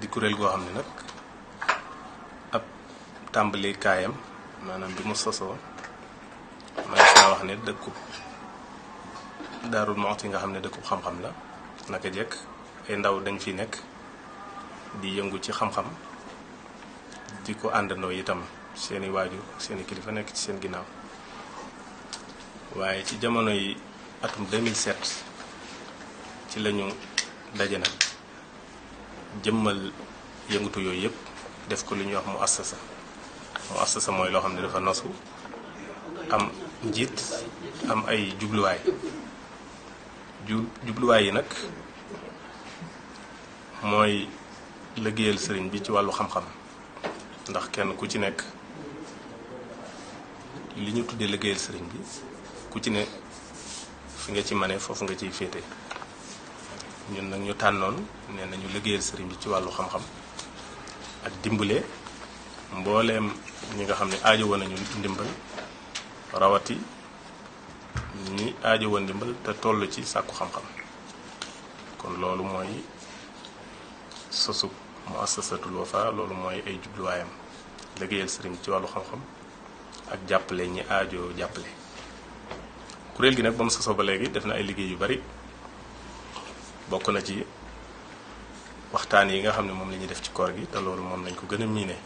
di kuréel goo xam ne nag ab tàmbali maanaam bi mu sosoo man naa wax ne dëkkub Daarul Muxti nga xam ne dëkku xam-xam la naka jekk ay ndaw dañ fi nekk di yëngu ci xam-xam di ko àndandoo itam seeni waajur seeni kilifa nekk ci seen ginnaaw waaye ci jamono yi atum ci lañu daje nag jëmmal yëngatu yooyu yëpp def ko lu ñuy wax mu assasa mu assasa mooy loo xam ne dafa nosu am njiit am ay jubluwaay ju jubluwaay yi nag mooy léggéeyal sëriñ bi ci wàllu xam-xam ndax kenn ku ci nekk li ñu tuddee liggéeyal sëriñ bi ku ci ne fi nga ci mane foofu nga ciy féete ñun nag ñu tànnoon nee nañu liggéeyal sëriñ bi ci wàllu xam-xam ak dimbale mbooleem ñi nga xam ne aajo woon nañu ndimbal rawati ñi aajo woon ndimbal te toll ci sàkku xam-xam kon loolu mooy sosub muassasatul Wafa loolu mooy ay jubluwaayam liggéeyal sëriñ ci wàllu xam-xam ak jàppale ñi aajo jàppale kuréel gi nag ba mu sosoo ba léegi def na ay liggéey yu bari bokk na ci waxtaan yi nga xam ne moom la ñuy def ci koor gi te loolu moom lañ ko gën a miine